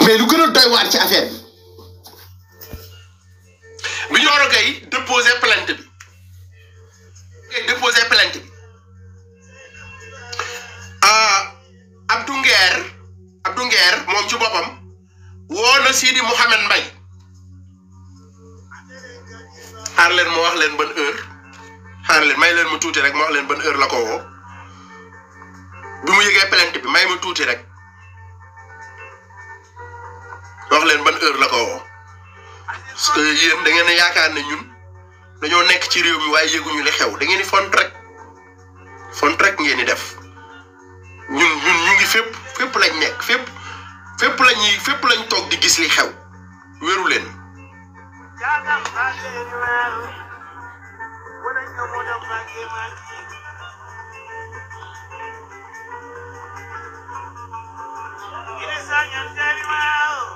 mais lu gën a doy waar ci affaire bi. bi Nioro Gaye déposé plainte bi ngay déposé plainte euh, moom ci boppam woo na Sidi Mouhamed Mbaye xaar leen ma wax leen ban heure xaar leen may leen mu tuuti rek ma wax leen ban heure la ko bi mu yëgee plainte bi may ma tuuti rek leen ban heure la ko woo parce que yéen da ngeen yaakaar ne ñun dañoo nekk ci réew mi waaye yëguñu li xew da ngeen di font rek font rek di def ñun ñun ñu ngi fépp fépp lañ nekk fépp fépp lañuy fépp lañ toog di gis li xew wéru leen.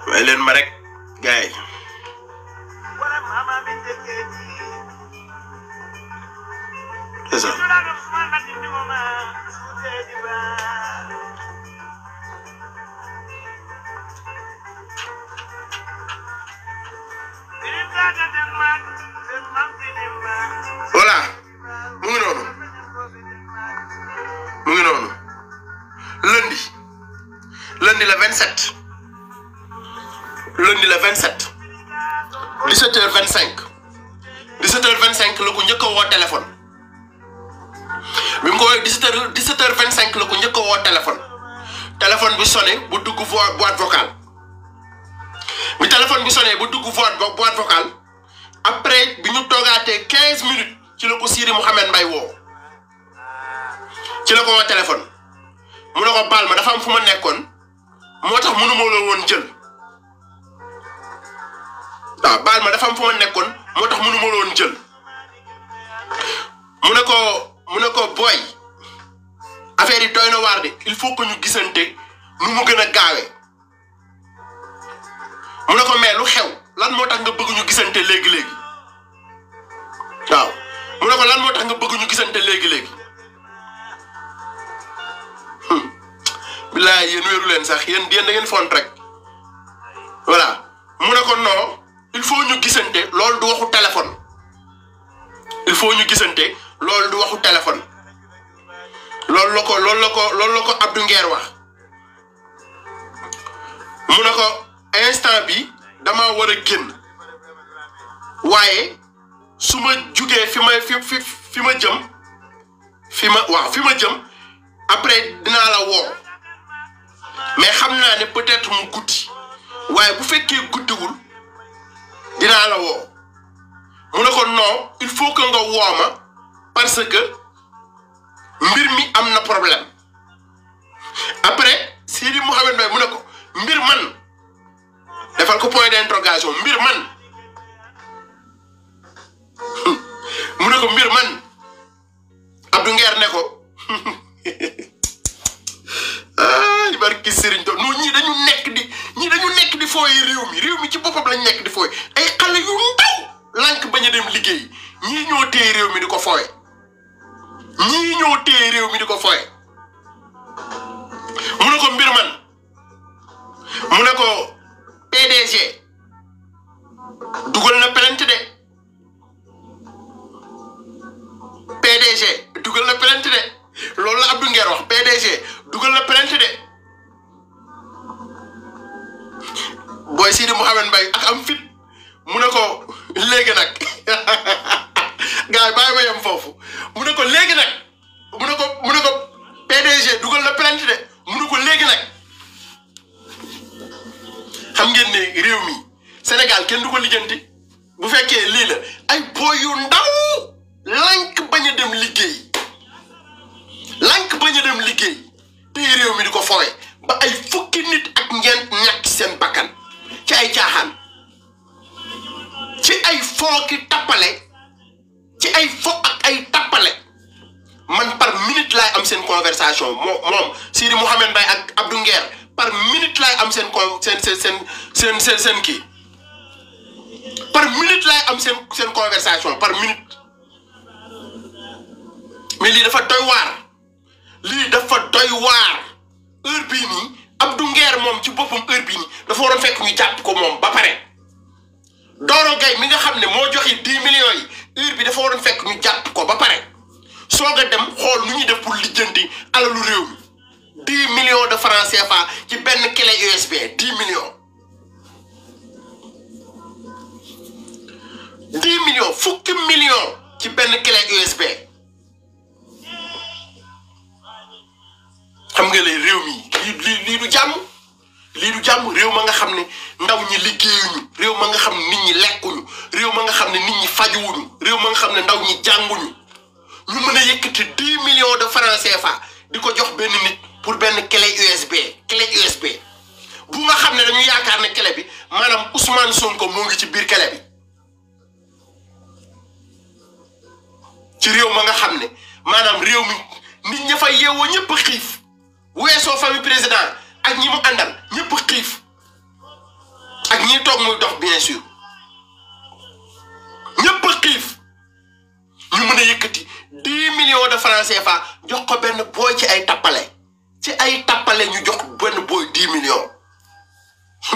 may leen ma rek gars yi c'est ça voilà mu ngi noonu mu ngi noonu lundi lundi le 27 lundi le 27 17 vingt 25 17h25 la ko njëkk a woo téléphone bi mu ko woowee 17h h la ko njëkk a woo téléphone téléphone bi sonné bu dugg voie boîte vocale bi téléphone bi sonné bu dugg voie boîte vocale après bi ñu toogaatee 15 minutes ci la ko Siri Mouhamed Mbaye woo ci la ko woo téléphone mu ne ko baal ma dafa am fu ma nekkoon moo tax mënuma la woon jël. waaw baal ma dafa am fu ma nekkoon moo tax mënu ma woon jël mu ne ko mu ne ko booy affaire yi doy na waar de il faut que ñu gisante nu mu gën a gaawee mu ne ko lu xew lan moo tax nga bëgg ñu gisante léegi léegi waaw mu ne lan moo tax nga bëgg ñu léegi léegi. Hmm, bilaay yéen leen sax yéen yéen da ngeen font rek voilà mu ne noo il faut ñu gisante loolu du waxu téléphone il faut ñu gisante loolu du waxu téléphone loolu la ko loolu la ko loolu la ko Abdou Nguer wax ko instant bi dama war a génn waaye su ma jugee fi ma fi ma jëm fi ma waaw fi ma jëm après dinaa la woo mais xam naa ne peut-être mu guddi waaye bu fekkee guddiwul dinaa la woo mu ne ko non il faut que nga woo parce que mbir mi am na problème après Sidi Mouhamed Mbaye mu ne ko mbir man defal ko point d'interrogation mbir man mun ne ko mbir man Abdou Nguer ne ko ay barki Serigne to non ñii dañu nekk di ñii dañu nekk di fooy réew mi ci boppam lañ nekk di fooy dem liggéey ñii ñoo téye réew mi di ko fowe ñii ñoo téye réew mi di ko fowe mu ne ko mbir man mu ne ko PDG dugal na plainte de PDG dugal na plainte de loolu la Abdou Nguer wax PDG dugal na plainte de booy Sidi Mouhamed Mbaye ak am fit mu ne ko léegi nag bàyyi ma yem foofu mu ne ko léegi nag mu ne ko mu ne ko PDG dugal na plainte de mu ne ko léegi nag xam ngeen ne réew mi Sénégal kenn du ko lijjanti bu fekkee lii ay booy yu ndaw lànk bañ a liggéey lànk bañ liggéey te réew mi di ko fowe ba ay fukki nit ak ñeent ñàkk seen bakkan ci ay caaxaan ci ay foo ki tappale ay fo ak ay tappale man par minute laay am seen conversation moom moom Sidi Mouhamed Mbaye ak Abdou par minute laay am seen seen seen seen seen seen kii par minute am seen seen conversation par minute mais lii dafa doy waar lii dafa doy waar heure bii nii Abdou Nguer moom ci boppam heure bii nii dafa waroon fekk ñu jàpp ko moom ba pare. Doro Gaye mi nga xam ne moo joxe dix millions yi heure bi dafa a fekk ñu jàpp ko ba pare soog a dem xool nu ñuy def pour lijjanti alalu réew mi dix millions de francs CFA ci benn clé USB dix millions. dix millions fukki millions ci benn clé USB xam nga ne réew mi lii lii du jàmm. lii du jàmm réew ma nga xam ne ndaw ñi liggéeyuñu réew ma nga xam ne nit ñi lekkuñu réew ma nga xam ne nit ñi réew ma xam ne ndaw ñi jànguñu ñu mën a yëkkati dix millions de francs CFA di ko jox benn nit pour benn clé USB clé USB bu nga xam ne dañu yaakaar ne clé bi maanaam Ousmane Sonko moom ngi ci biir clé bi ci réew ma nga xam ne maanaam réew mi nit ña fay yeewoo ñëpp xiif weesoo famille président ak ñi mu àndal ñëpp xiif ak ñi toog muy dox bien sûr ñëpp xiif ñu mën a yëkkati dix millions de francs CFA jox ko benn booy ci ay tappale ci ay tappale ñu jox benn booy dix millions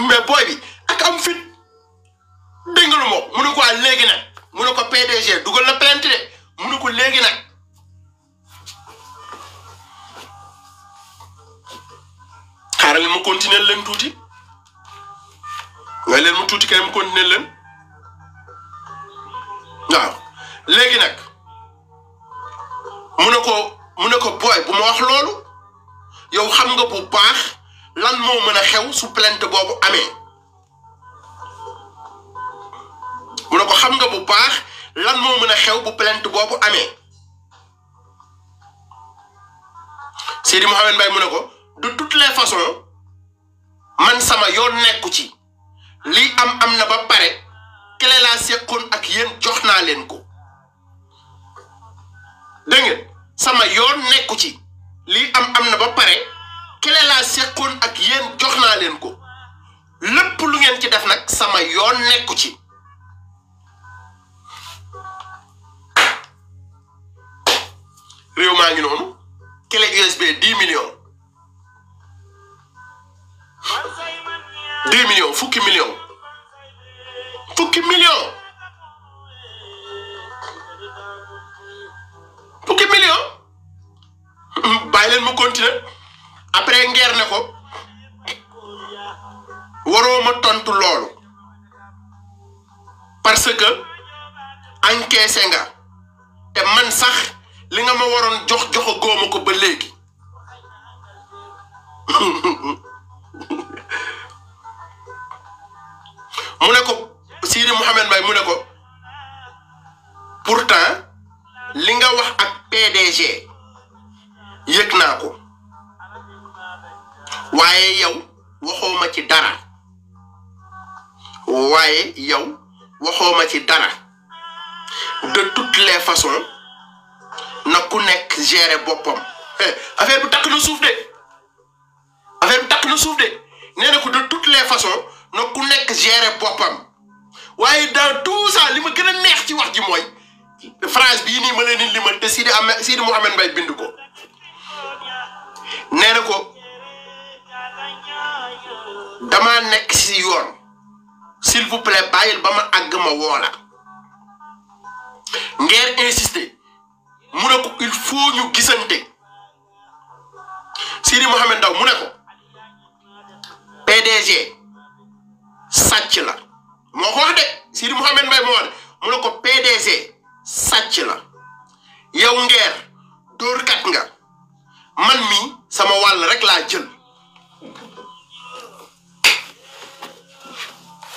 mais booy bi ak am fit dégg nga lu ma mu ne ko ah, léegi nag mu ne ko PDG dugal na plainte de mu ne ko léegi nag. xaaral leen mu continuer leen tuuti waaye leen mu tuuti kay mu continuer leen waaw léegi nag mu ne ko mu ne ko booy bu ma wax loolu yow xam nga bu baax lan moo mën a xew su plainte boobu amee mu xam nga bu baax lan moo mën a xew bu plainte boobu amee Seydi Mouhamed Mbaye mu ne ko de toutes les façons man sama yoon nekku ci lii am am na ba pare kële laa ak yéen jox naa leen ko dégg sama yoon nekku ci lii am am na ba pare kële laa ak yéen jox naa leen ko lépp lu ngeen ci def nag sama yoon nekku ci réew maa ngi noonu kële USB 10 millions deux millions fukki millions fukki millions fukki leen mu continuer après ngeer ne ko waroo ma tontu loolu parce que encaissé nga te man sax li nga ma waroon jox jox a ba léegi. mu ne ko Sidi Mouhamed Mbaye mu ne ko pourtant li nga wax ak PDG yëg naa ko waaye yow waxoo ma ci dara waaye yow waxoo ma ci dara de toutes les façons na ku nekk gérer boppam. Eh, affaire bu takk na suuf de affaire bu takk na suuf de nee na ko de toutes les façons. na ku nekk gérer boppam waaye dans tout ça li ma gën a neex ci wax ji mooy phrase bii nii ma leen di limal te Sidi Ahmed Sidi Mouhamed Mbaye bind ko nee nekk si yoon s'il vous plaît bàyyil ba ma àgg ma ne ko Ndaw mu ne PDG. sàcc la moo ko wax de Sidi Mouhamed Mbaye moo wax mu ne PDG sàcc la yow ngeer dóorkat nga man sama wàll rek laa jël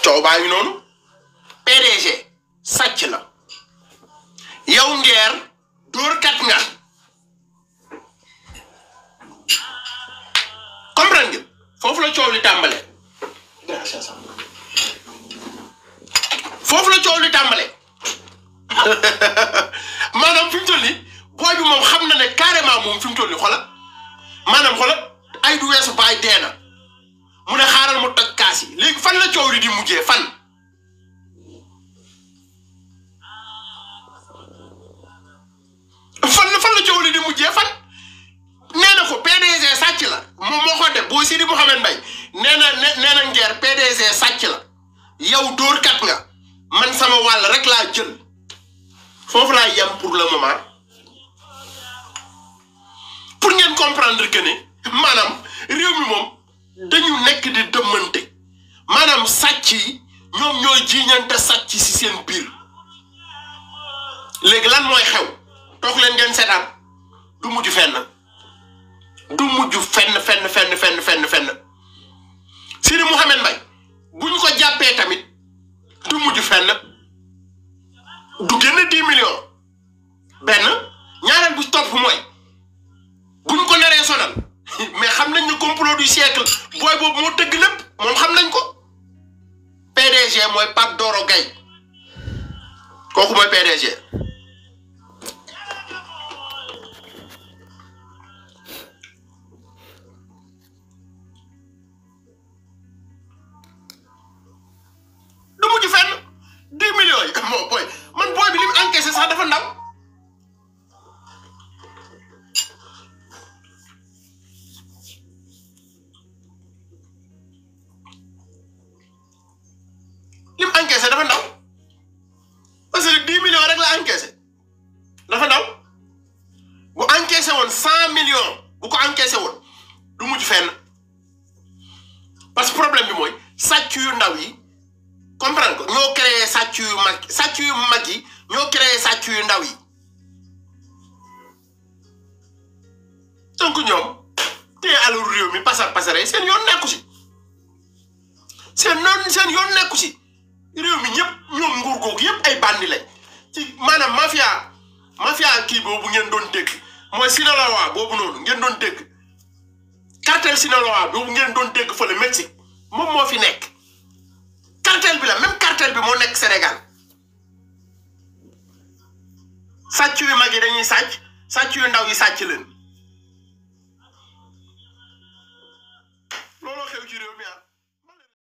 coow ngi noonu PDG la yow ngeer dóorkat foofu la coow li tàmbale foofu la coow li tàmbalee maanaam fi mu toll nii booy bi moom xam na ne carrément moom fi mu toll nii xoola ay du weesu baay dee na mu ne xaaral mu toj kaas yi fan la coow li di mujjee fan. fan la fan la coow li di mujjee fan nee na ko PDG la moom moo ko def boo Sidi Mouhamed Mbaye nee na nee ngeer PDG sàcc la yow dóor kat nga. man sama wàll rek laa jël foofu laa yem pour le moment pour ngeen comprendre que ne maanaam réew mi moom dañu nekk di dëmmante maanaam sàcc yi ñoom ñooy jiiñante sàcc si seen biir léegi lan mooy xew toog leen ngeen seetaan du mujj fenn du mujj fenn fenn fenn fenn fenn fenn Sidi Mouhamed Mbaye bu ñu ko jàppee tamit. du mujj fenn du génn dix millions benn ñaareel bu topp mooy buñ ko naree sonal mais xam nañ ne complot du siècle booy boobu moo tëgg lépp moom xam nañ ko PDG mooy Pape Doro Gaye kooku mooy PDG sàcc yu ndaw yi comprendre ko ñoo créé sàcc yu mag sàcc yu yi ñoo yu ndaw yi donc ñoom te alalu réew mi pasar pasare seen yoon nekku si seen seen yoon nekku si réew mi ñëpp ñoom nguur googu yëpp ay bandi lañ ci maanaam mafia mafia kii boobu ngeen doon dégg mooy Sinaloa boobu noonu ngeen doon dégg cartel Sinaloa boobu ngeen doon dégg le Mexique moom moo fi nekk cartel bi la même cartel bi moo nekk Sénégal sàcc yu mag yi dañuy sàcc sàcc yu ndaw yi sàcc leen